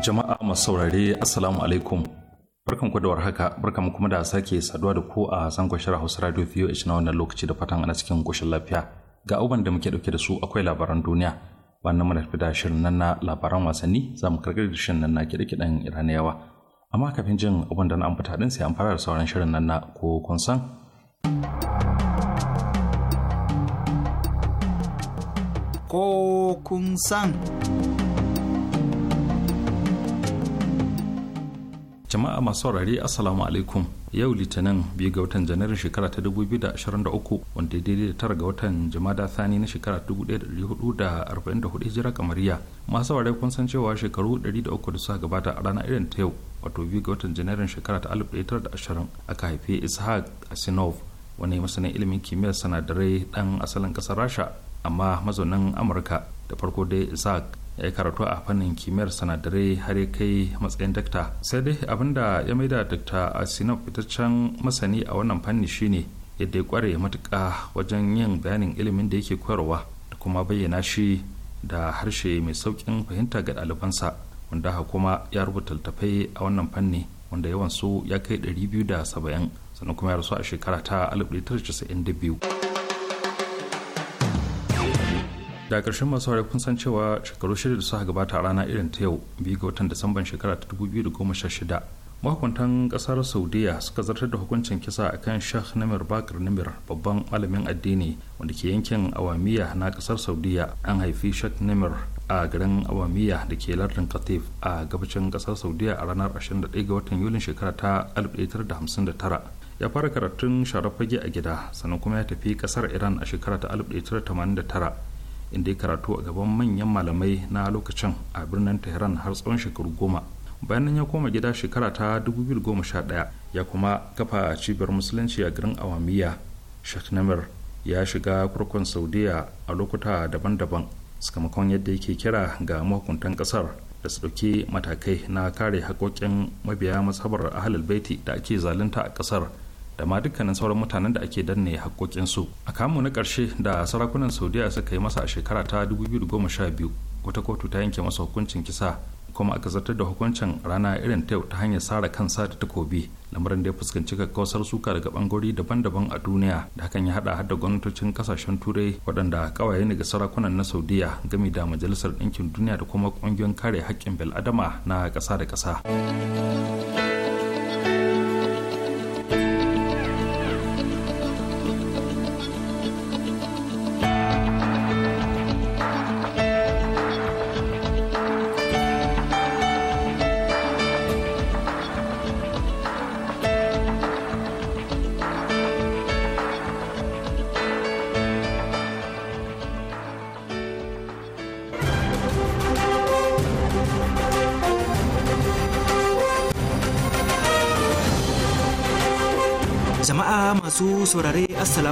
Jama'a masu saurare Assalamu alaikum. Barkan ku da warhaka, barkan kuma da sake saduwa da ku a Hassan Kwashira Hausa Radio a na wannan lokaci da fatan ana cikin koshin lafiya. Ga abubuwan da muke dauke da su akwai labaran duniya. Wannan mu tafi da shirin nan na labaran wasanni za mu karkar da shirin nan na kiɗe-kiɗen Iraniyawa. Amma kafin jin abin da na ambata din sai an fara da sauran shirin nan na ko kun san. Ko kun san. jama'a masu saurare assalamu alaikum yau litinin biyu ga watan janairun shekara ta 2023 wanda daidai da tara ga watan jama'a thani na shekara 1444 hijira kamariya masu saurare kun san cewa shekaru 300 da suka gabata a ranar irin ta yau wato biyu ga watan janairun shekara ta 1920 aka haife ishaq asinov wani masanin ilimin kimiyyar sanadarai dan asalin kasar rasha amma mazaunin amurka da farko dai ishaq ya yi karatu a fannin kimiyyar sanadare har ya kai matsayin dakta sai dai da ya maida dakta asina fitaccen masani a wannan fanni shine yadda ya kware matuka wajen yin bayanin ilimin da yake koyarwa da kuma bayyana shi da harshe mai sauƙin fahimta ga ɗalibansa wanda haka kuma ya rubuta littafai a wannan fanni wanda yawan su ya kai 270 sannan kuma ya rasu a shekara ta 1992 da ƙarshen masu haure kun san cewa shekaru shida da suka gabata a rana irin ta yau biyu ga watan disamban shekara ta shida mahukuntan ƙasar saudiya suka zartar da hukuncin kisa a kan shah namir bakar namir babban malamin addini wanda ke yankin awamiya na ƙasar saudiya an haifi shah namir a garin awamiya da ke lardin katif a gabacin ƙasar saudiya a ranar 21 ga watan yulin shekara ta 1959 ya fara karatun sharafage a gida sannan kuma ya tafi kasar iran a shekara ta 1989 inda ya karatu a gaban manyan malamai na lokacin a birnin tehran har tsawon shekaru goma bayan nan ya koma gida shekara ta 2011 ya kuma kafa cibiyar musulunci a garin awamiya sheikh ya shiga kurkun saudiya a lokuta daban-daban sakamakon yadda yake kira ga mahukuntan kasar da su ɗauki matakai na kare haƙoƙin mabiya masabar ahalul baiti da ake zalunta a kasar da ma dukkanin sauran mutanen da ake danne haƙoƙinsu a kamu na ƙarshe da sarakunan saudiya suka yi masa a shekara ta 2012 wata kotu ta yanke masa hukuncin kisa kuma aka zartar da hukuncin rana irin ta ta hanyar sara kansa da takobi lamarin da ya fuskanci kakkausar suka daga bangori daban-daban a duniya da hakan ya hada da gwamnatocin kasashen turai waɗanda kawaye ne ga sarakunan na saudiya gami da majalisar ɗinkin duniya da kuma ƙungiyar kare haƙƙin bil'adama na ƙasa da ƙasa.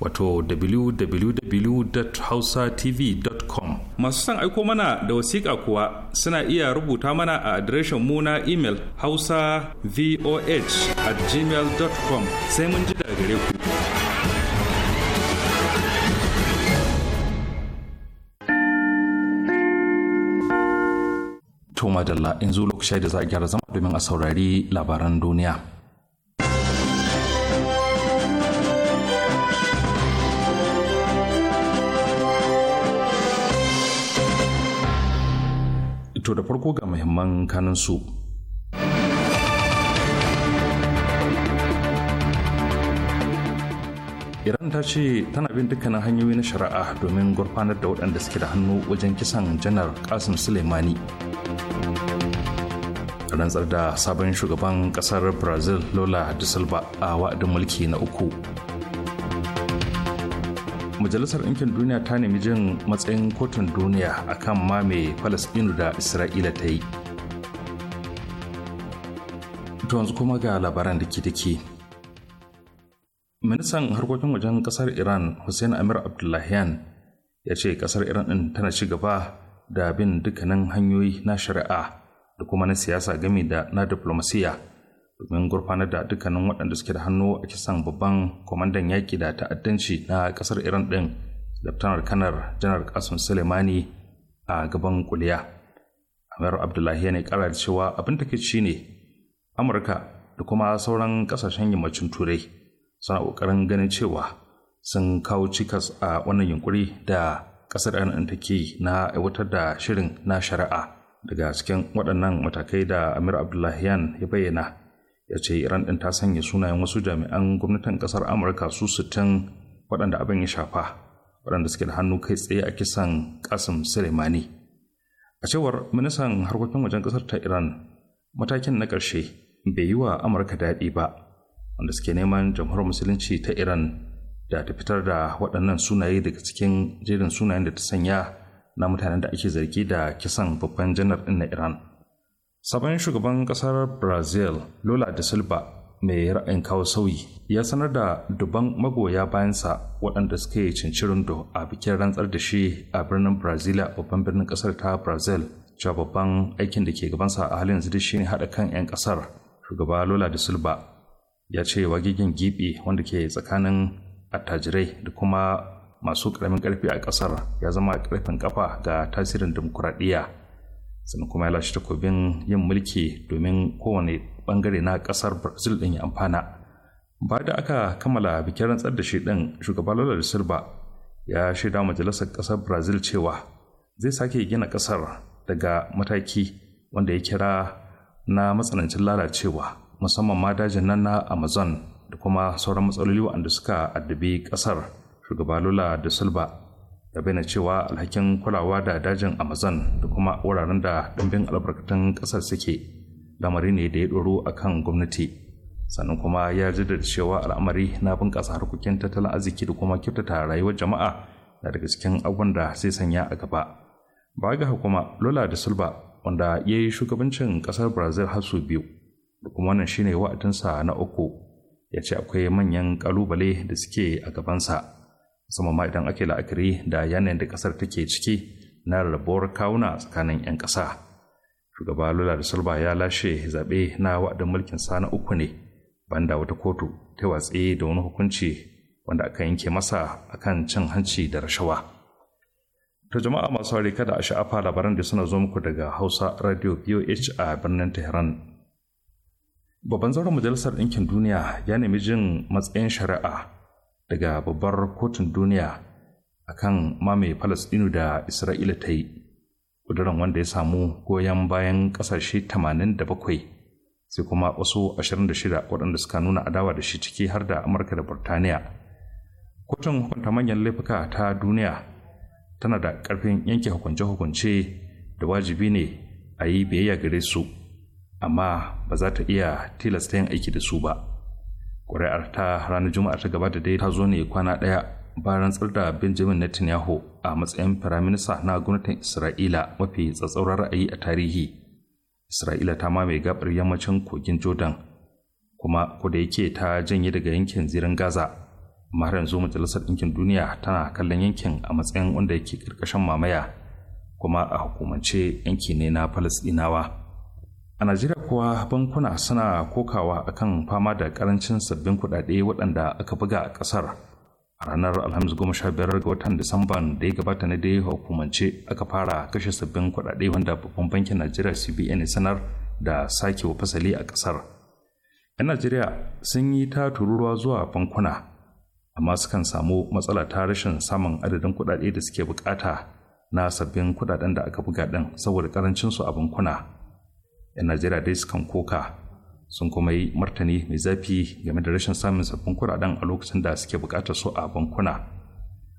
wato www.hausatv.com masu son aiko mana da wasiƙa kuwa suna iya rubuta mana a adireshin mu na imel hausa voh at gmail.com sai mun ji daga gare ku Toma Dalla in zo lokaci da za a gyara zama domin a saurari labaran duniya. To da farko ga muhimman su Iran ta ce tana bin dukkanin hanyoyi na shari'a domin gurfanar da waɗanda suke da hannu wajen kisan janar Qasim Suleimani. Rantsar da sabon shugaban ƙasar Brazil Lola da Silva a wa'adin mulki na uku majalisar ɗinkin duniya ta nemi jin matsayin kotun duniya a akan mame falasɗinu da isra'ila ta yi to kuma ga labaran da ke ministan harkokin wajen ƙasar iran hussein amir abdullahian ya ce ƙasar iran ɗin tana ci gaba da bin dukkanin hanyoyi na shari'a da kuma na siyasa gami da na diplomasiya domin gurfanar da dukkanin waɗanda suke da hannu a kisan babban kwamandan yaƙi da ta'addanci na ƙasar iran ɗin laftanar kanar janar kasun Sulemani a gaban kuliya amir abdullahi ne ƙara da cewa abin da shi ne amurka da kuma sauran ƙasashen yammacin turai suna ƙoƙarin ganin cewa sun kawo cikas a wannan yunkuri da ƙasar iran take na aiwatar da shirin na shari'a daga cikin waɗannan matakai da amir Abdullahi ya bayyana ya ce iran ɗin ta sanya sunayen wasu jami'an gwamnatin ƙasar amurka su sittin waɗanda abin ya shafa waɗanda suke da hannu kai tsaye a kisan kasim suleimani a cewar ministan harkokin wajen ƙasar ta iran matakin na ƙarshe bai yi wa amurka daɗi ba wanda suke neman jamhuriyar musulunci ta iran da ta fitar da waɗannan sunaye daga cikin jerin sunayen da ta sanya na mutanen da ake zargi da kisan babban janar ɗin na iran sabon shugaban kasar brazil lola da silva mai ra'ayin kawo sauyi ya sanar da duban magoya bayansa waɗanda suka yi cincirindo a bikin rantsar da shi a birnin brazil babban birnin kasar ta brazil cewa babban aikin da ke gabansa a halin yanzu ne haɗa kan 'yan kasar shugaba lola da silva ya ce wagigin giɓi wanda ke tsakanin attajirai da kuma masu ƙaramin ƙarfi a ƙasar ya zama ƙarfin ƙafa ga tasirin dimokuraɗiyya sannan kuma ya lashe takobin yin mulki domin kowane bangare na kasar brazil din ya amfana bayan da aka kammala bikin rantsar da shi din shugaban lula da silba ya shaida majalisar kasar brazil cewa zai sake gina kasar daga mataki wanda ya kira na matsanancin lalacewa musamman ma dajin nan na amazon da kuma sauran matsaloli waɗanda suka addabi kasar shugaba lula da silba ya bayyana cewa alhakin kulawa da dajin amazon da kuma wuraren da ɗumbin albarkatun ƙasar suke lamari ne da ya ɗoro a kan gwamnati sannan kuma ya jaddada cewa al'amari na bunƙasa harkokin tattalin arziki da kuma kyautata rayuwar jama'a na daga cikin abubuwan da sai sanya a gaba ba ga kuma lola da silva wanda ya yi shugabancin ƙasar brazil har sau biyu da kuma wannan shine wa'adinsa na uku ya ce akwai manyan ƙalubale da suke a gabansa musamman ma idan ake la'akari da yanayin da kasar take ciki na rabuwar kawuna tsakanin 'yan ƙasa shugaba lula da sulba ya lashe zaɓe na wa'adin mulkin sa na uku ne banda wata kotu ta watsi da wani hukunci wanda aka yanke masa akan cin hanci da rashawa Ta jama'a masu hari kada a sha'afa labaran da suna zo muku daga hausa radio voh a birnin tehran babban zauren majalisar ɗinkin duniya ya nemi jin matsayin shari'a daga babbar kotun duniya a kan mamaye Falasɗinu da Isra'ila ta yi, ƙuduran wanda ya samu goyon bayan ƙasashe 87 sai kuma wasu 26 waɗanda suka nuna adawa da shi ciki har da Amurka da Burtaniya. Kotun hukunta manyan laifuka ta duniya tana da ƙarfin yanke hukunce-hukunce da wajibi ne a yi biyayya gare su, amma ba za ta iya tilasta yin aiki da su ba. ƙuri'ar ta ranar juma'a ta gabata dai ta zo ne kwana ɗaya ba rantsar da benjamin netanyahu a matsayin firaminista na gwamnatin isra'ila mafi tsatsauran ra'ayi a tarihi isra'ila ta mamaye gabar yammacin kogin jordan kuma ko yake ta janye daga yankin zirin gaza amma har yanzu majalisar ɗinkin duniya tana kallon yankin a matsayin wanda yake ƙarƙashin mamaya kuma a hukumance yanki ne na falasɗinawa a najeriya kuwa bankuna suna kokawa akan fama da karancin sabbin kuɗaɗe waɗanda aka buga a ƙasar a ranar alhamis goma sha biyar ga watan disamban da ya gabata na dai hukumance aka fara kashe sabbin kuɗaɗe wanda babban bankin najeriya cbn sanar da sake wa fasali a ƙasar 'yan najeriya sun yi ta tururuwa zuwa bankuna amma sukan samu matsala ta rashin samun adadin kuɗaɗe da suke bukata na sabbin kuɗaɗen da aka buga ɗin saboda karancin su a bankuna 'yan najeriya dai sukan koka sun kuma yi martani mai zafi game da rashin samun sabbin kuɗaɗen a lokacin da suke buƙatar su a bankuna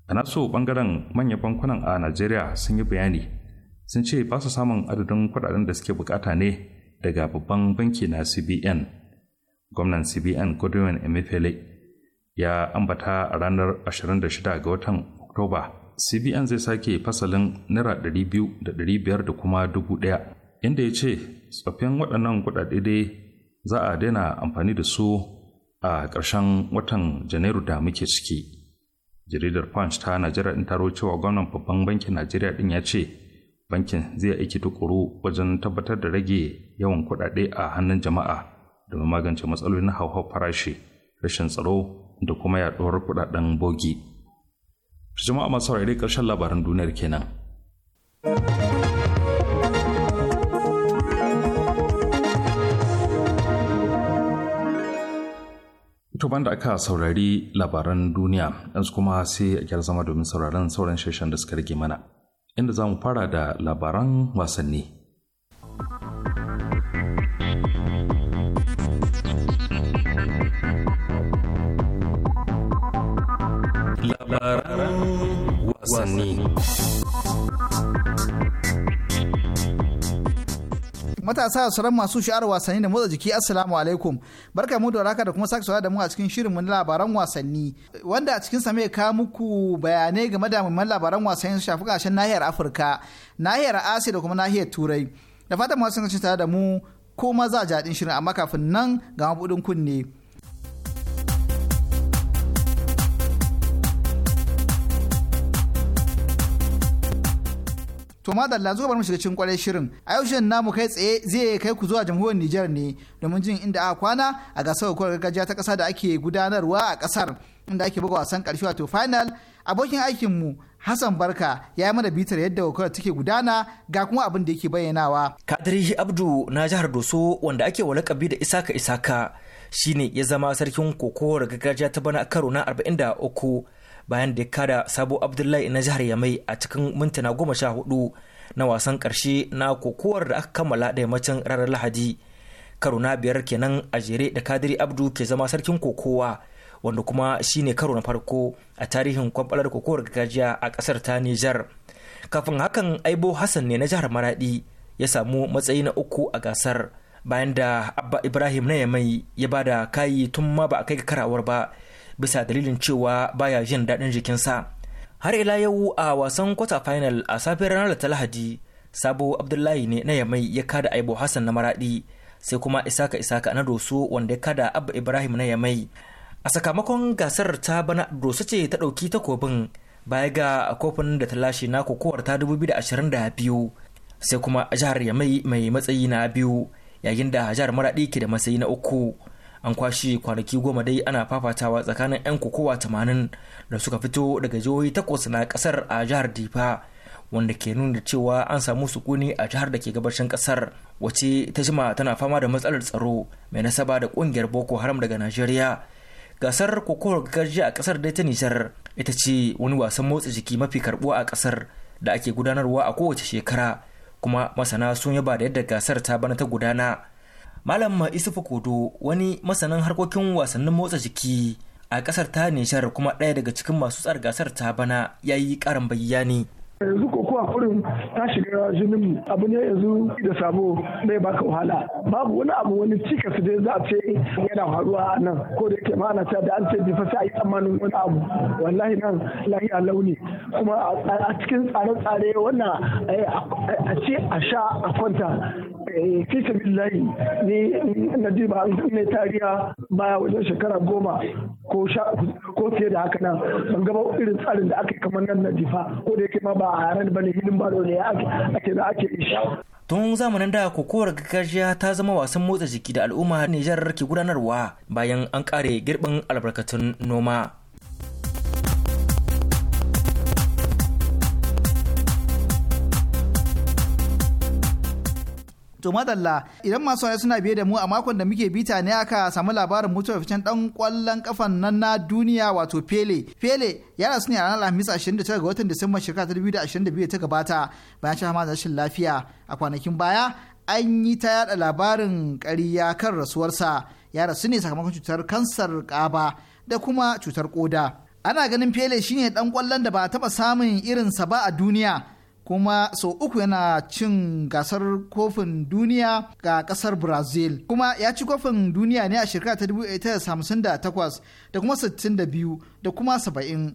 a so bangaren manyan bankunan a najeriya sun yi bayani sun ce ba su samun adadin kuɗaɗen da suke buƙata ne daga babban banki na cbn gwamnan cbn godwin emefiele ya ambata a ranar 26 ga watan oktoba cbn zai sake fasalin naira 200 da 500 da kuma 1000 inda ya ce tsoffin waɗannan kuɗaɗe dai za a daina amfani da su a ƙarshen watan janairu da muke ciki jaridar punch ta najeriya ɗin taro cewa gwamnan babban bankin najeriya ɗin ya ce bankin zai aiki tukuru wajen tabbatar da rage yawan kuɗaɗe a hannun jama'a domin magance matsalolin hauhau farashi rashin tsaro da kuma yaɗuwar kuɗaɗen bogi jama'a masu saurari ƙarshen labaran duniyar kenan. thank you To da aka saurari labaran duniya yanzu kuma sai a kyar zama domin sauraron sauran shirshen da suka rage mana inda za mu fara da labaran wasanni. Labaran wasanni. matasa sauran masu sha'ar wasanni da motsa jiki assalamu alaikum barka mu da raka da kuma sake da mu a cikin shirinmu na labaran wasanni wanda a cikin sa mai ka muku bayanai game da muhimman labaran wasanni su shafi kashin nahiyar afirka nahiyar asiya da kuma nahiyar turai da fatan masu sun tare da mu ko maza jaɗin shirin amma kafin nan ga mabuɗin kunne. To dalla zuwa bar mu shiga cikin kwarai shirin. A yau shirin namu kai tsaye zai kai ku zuwa jamhuriyar Nijar ne domin jin inda aka kwana a gasar kwarar gargajiya ta kasa da ake gudanarwa a kasar inda ake buga wasan karshe wato final. Abokin aikin mu Hassan Barka ya yi mana bitar yadda wakar take gudana ga kuma abin da yake bayyanawa. Kadiri Abdu na jihar Doso wanda ake wa lakabi da Isaka Isaka shine ya zama sarkin kokowar gargajiya ta bana karo na 43 bayan da ya kada sabo abdullahi na jihar yamai a cikin mintuna goma sha hudu na wasan karshe na kokowar da aka kammala da yammacin ranar lahadi karo na biyar kenan a jere da kadiri abdu ke zama sarkin kokowa wanda kuma shine karo na farko a tarihin kwamfalar kokowar gargajiya a kasar ta nijar kafin hakan aibo hassan ne na jihar maradi ya samu matsayi na uku a gasar bayan da abba ibrahim na yamai ya bada kayi tun ma ba a kai karawar ba bisa dalilin cewa baya jin daɗin jikinsa har ila yau a wasan kwata final a safiyar ranar ta lahadi sabo abdullahi ne na yamai ya kada aibo hassan na maraɗi sai kuma isaka isaka na doso wanda ya kada abba ibrahim na yamai a sakamakon gasar ta bana doso ce ta ɗauki takobin baya ga kofin da ta lashe na kokowar ta 2022 sai kuma jihar yamai mai matsayi na biyu yayin da jihar maraɗi ke da matsayi na uku an kwashe kwanaki goma dai ana fafatawa tsakanin 'yan kokowa tamanin da suka fito daga jihohi takwas na kasar a jihar difa wanda ke nuna cewa an samu sukuni a jihar da ke gabashin kasar wace ta jima tana fama da matsalar tsaro mai nasaba da kungiyar boko haram daga najeriya gasar kokowar gargajiya a kasar dai ta nijar ita ce wani wasan motsa jiki mafi karbuwa a kasar da ake gudanarwa a kowace shekara kuma masana sun yaba da yadda gasar ta bana ta gudana Malam Isufu Kodo wani masanin harkokin wasannin motsa jiki a kasar ta Nijar kuma ɗaya daga cikin masu tsar gasar ta bana ya yi ƙarin bayyani yanzu ko kurin ta shiga jinin mu abu ne yanzu da sabo bai baka wahala babu wani abu wani cikas da za a ce yana faruwa a nan ko da yake ma'ana ta da an ce jifa sai a yi tsammanin wani abu wallahi nan lahiya launi kuma a cikin tsare-tsare wannan eh, a ce a sha a kwanta eh, fi layi, ne na ji ba tariya baya wajen shekara goma ko fiye da haka nan ban gaba irin tsarin da aka yi kamar nan na jifa ko da yake ma ba ran bane hilin balo ne ake da ake ishi tun zamanin da kokowar gargajiya ta zama wasan motsa jiki da al'umma Nijar ke gudanarwa bayan an kare girbin albarkatun noma To madalla idan masu waya suna biye da mu a makon da muke bita ne aka samu labarin mutuwar fitan dan kwallon kafan nan na duniya wato Pele. Pele ya rasu ne a ranar Alhamis 29 ga watan Disamba shekara 2022 ta gabata bayan shan hama rashin lafiya a kwanakin baya an yi ta yada labarin ƙarya kan rasuwarsa ya rasu ne sakamakon cutar kansar kaba da kuma cutar koda. Ana ganin Pele shine dan kwallon da ba taba samun irin sa ba a duniya. kuma sau uku yana cin gasar kofin duniya ga kasar brazil kuma ya ci kofin duniya ne a shekara ta 1958 da kuma 62 da kuma 70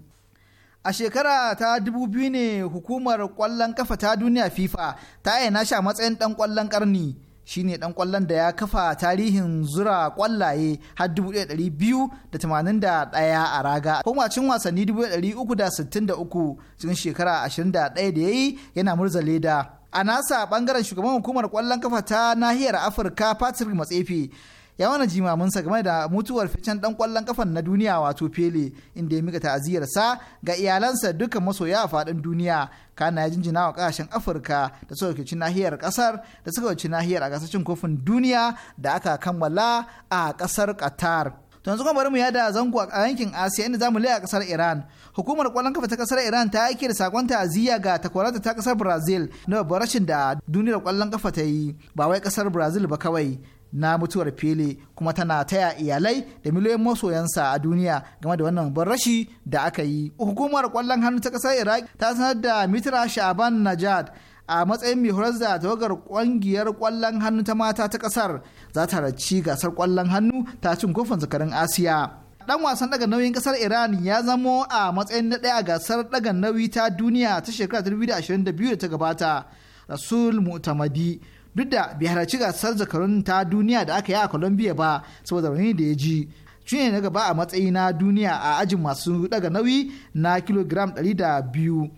a shekara ta biyu ne hukumar kwallon kafa ta duniya fifa ta yana shi a matsayin dan kwallon karni shine dan kwallon da ya kafa tarihin zura kwallaye har 281 a raga kwamacin wasanni 363 cikin shekara 21 da ya yi yana murza leda a nasa bangaren shugaban hukumar kwallon kafa ta nahiyar afirka patrick matsefi ya wani sa game da mutuwar ficen dan kwallon kafan na duniya wato pele inda ya mika sa ga iyalansa dukkan masoya a fadin duniya kana ya jinjina wa kasashen afirka da suka kici nahiyar kasar da suka kici nahiyar a kasashen kofin duniya da aka kammala a kasar qatar to yanzu kuma bari mu yada zango a yankin asiya inda zamu laya kasar iran hukumar kwallon kafa ta kasar iran ta aike da sakon ta'aziyya ga takwarata ta kasar brazil na babbar rashin da duniyar kwallon kafa ta yi ba wai kasar brazil ba kawai na mutuwar fili kuma tana taya iyalai da miliyoyin masoyansa a duniya game da wannan babban rashi da aka yi hukumar kwallon hannu ta kasar iraq ta sanar da mitra shaban najad a matsayin mai horar da tawagar kungiyar kwallon hannu ta mata ta kasar za ta raci gasar kwallon hannu ta cin kofin zakarin asiya dan wasan daga nauyin ƙasar Iran ya zamo a matsayin na daya gasar daga nauyi ta duniya ta shekara 2022 da ta gabata. Rasul Mutamadi duk da bai halarci gasar zakarun ta duniya da aka yi a Colombia ba saboda rauni da ya ji. Shine na gaba a matsayi na duniya a ajin masu daga nauyi na kilogram 200.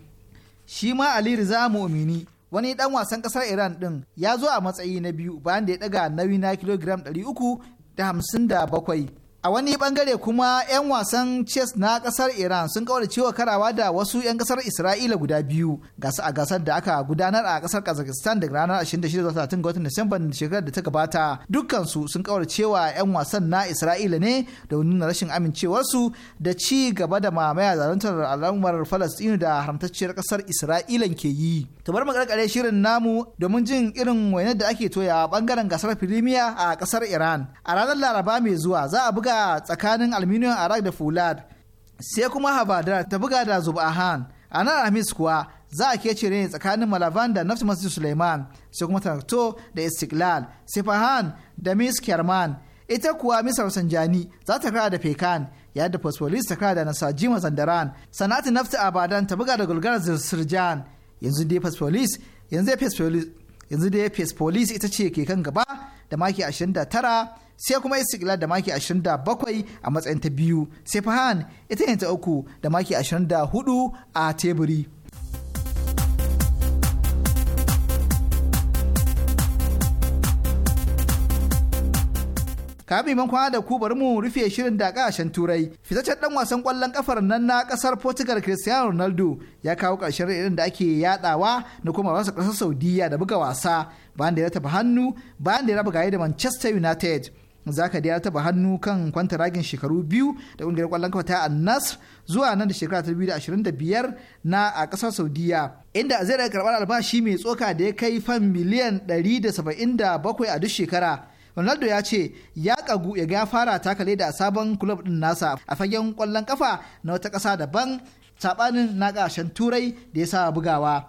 Shi ma Ali Riza Mu'mini wani dan wasan kasar Iran din ya zo a matsayi na biyu bayan da ya daga nauyi na kilogram 357. a wani bangare kuma 'yan wasan chess na kasar iran sun kawar cewa karawa da wasu 'yan kasar isra'ila guda biyu gasa a gasar da aka gudanar a kasar kazakhstan daga ranar 26 ga watan disamban shekarar da ta gabata dukkansu sun kawar cewa 'yan wasan na isra'ila ne da nuna rashin amincewarsu da ci gaba da mamaya zarantar al'ummar falastinu da haramtacciyar kasar isra'ila ke yi to bar makarkare shirin namu domin jin irin wainar da ake toya bangaren gasar firimiya a kasar iran a ranar laraba mai zuwa za a buga buga tsakanin aluminium arak da fulad sai kuma habadar ta buga da zubahan a nan alhamis kuwa za a kece ne tsakanin malavan da nafsu masu suleiman sai kuma tarakto da istiklal sifahan da mis kerman ita kuwa misar sanjani za ta kara da fekan yadda fosfolis ta kara da nasaji mazandaran sanatin nafta abadan ta buga da gulgar zirsirjan yanzu dai fosfolis yanzu dai fosfolis yanzu dai fes police ita ce ke kan gaba da maki 29 sai kuma istiklal da maki 27 a matsayin ta biyu sai fahan ita ne ta uku da maki 24 a teburi. kafin man kwana da ku bari mu rufe shirin da kasashen turai fitaccen dan wasan kwallon kafar nan na kasar portugal cristiano ronaldo ya kawo karshen irin da ake yadawa na kuma wasa kasar saudiya da buga wasa bayan da ya taba hannu bayan da ya raba gaye da manchester united zaka da ya taba hannu kan kwanta ragin shekaru biyu da kungiyar kwallon kafa ta annas zuwa nan da shekara ta da na a kasar saudiya inda zai daga karbar albashi mai tsoka da ya kai fan miliyan ɗari da saba'in bakwai a duk shekara Ronaldo ya ce ya kagu ya ga fara takale da sabon kulub din nasa a fagen kwallon kafa na wata ƙasa daban sabanin na ƙarshen turai da ya sa bugawa.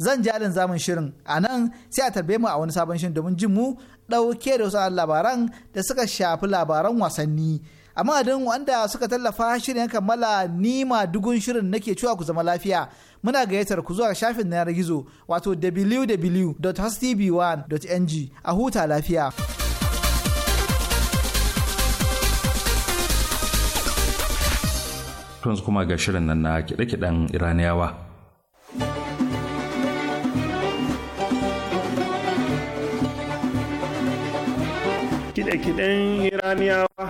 Zan jalin zamun shirin a nan sai a tarbe mu a wani sabon shirin domin jin mu ɗauke da wasu labaran da suka shafi labaran wasanni. amma don wanda suka tallafa shirin ya kammala nima dugun shirin nake cewa ku zama lafiya muna gayyatar ku zuwa shafin na yanar gizo wato www.hostv1.ng a huta lafiya. yanzu kuma ga shirin nan na kiɗe-kiɗen iraniyawa kiɗe-kiɗen iraniyawa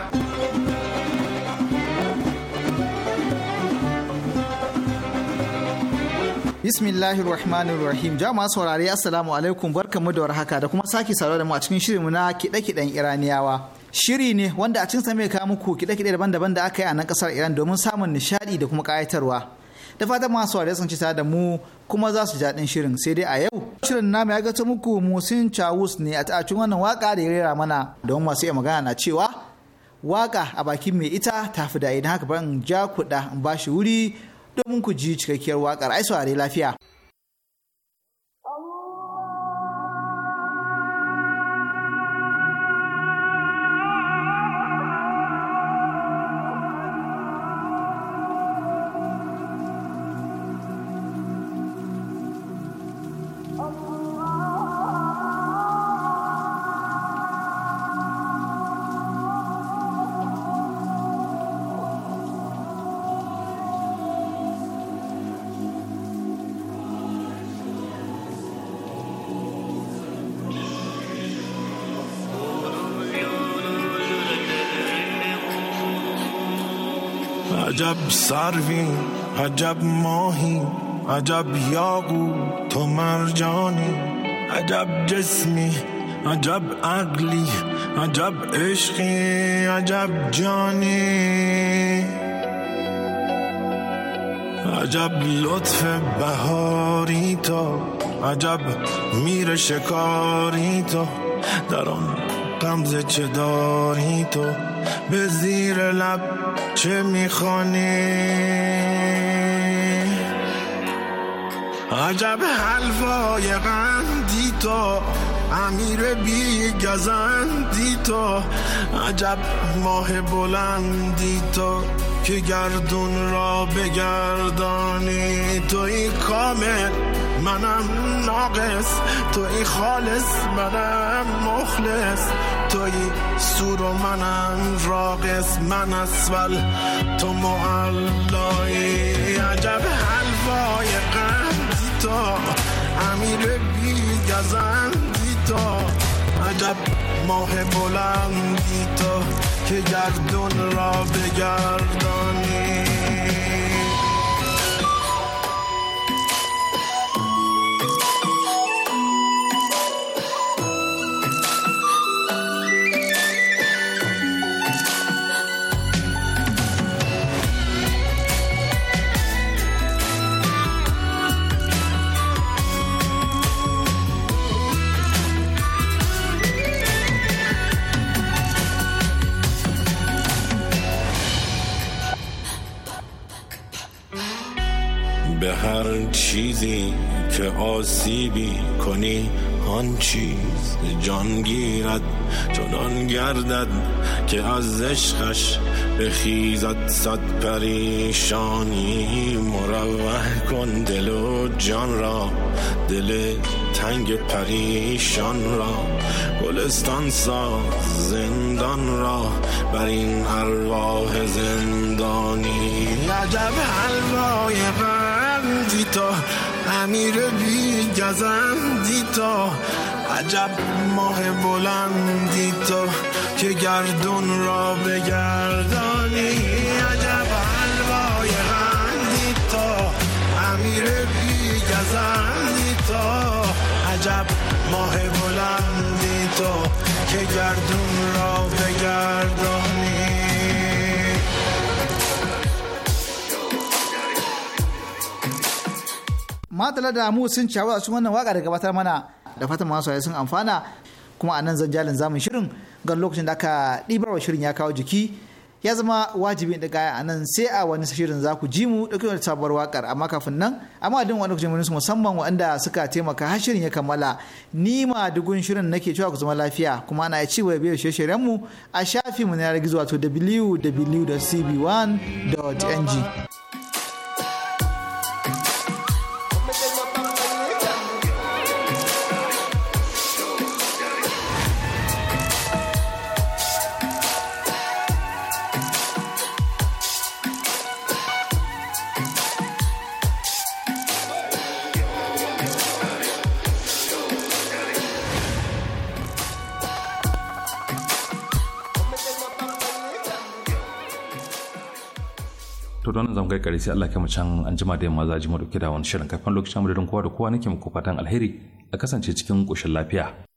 Bismillahir Rahmanir Rahim. Jama'a saurari Assalamu alaikum barkamu da warhaka da kuma sake saurare da mu a cikin shirinmu na kiɗe-kiɗen Iraniyawa. shiri ne wanda a cin sa mai kawo muku kiɗe-kiɗe daban-daban da aka yi a nan kasar Iran domin samun nishaɗi da kuma kayatarwa Da fatan masu wari sun ci ta da mu kuma za su shirin sai dai a yau. Shirin namu ya gato muku Musin Chawus ne a cikin wannan waka da ya rera mana don masu iya magana na cewa waka a bakin mai ita ta fi da idan haka ban ja kuɗa in ba shi wuri domin ku ji cikakkiyar wakar ai saurare lafiya. عجب سروی عجب ماهی عجب یاقو تو مرجانی عجب جسمی عجب عقلی عجب عشقی عجب جانی عجب لطف بهاری تو عجب میر شکاری تو در آن قمزه چه داری تو به زیر لب چه میخوانی عجب حلوای قندی تو امیر بی گزندی تو عجب ماه بلندی تو که گردون را بگردانی تو این کامل منم ناقص توی خالص منم مخلص توی سور و منم راقص من اسول تو معلای عجب حلوای قندی تا امیر بیگزندی تا عجب ماه بلندی تا که گردون را بگردان چیزی که آسیبی کنی آن چیز جان گیرد چنان گردد که از عشقش بخیزد صد پریشانی مروح کن دل و جان را دل تنگ پریشان را گلستان ساز زندان را بر این ارواح زندانی عجب حلوای دیتا امیر بی گزم عجب ماه بلندی تا که گردون را بگردانی عجب حلوای غندی تا امیر بی گزندی تا عجب ماه بلندی تا که گردون را بگردانی matala da mu sun cawo a wannan waka da gabatar mana da fatan masu sun amfana kuma a nan zan jalin zamun shirin ga lokacin da aka ɗibar wa shirin ya kawo jiki ya zama wajibi da gaya a nan sai a wani shirin za ku ji mu da wani sabuwar wakar amma kafin nan amma din wani kujemin su musamman waɗanda suka taimaka har shirin ya kammala ni ma dugun shirin nake cewa ku zama lafiya kuma ana ci wa biyar shirye-shiryen mu a shafi mu na gizo wato www.cb1.ng. mun kai kare sai Allah kai mu can an jima da yamma za ji mu dauke da wani shirin kafin lokacin mu da kowa da kowa nake muku fatan alheri a kasance cikin koshin lafiya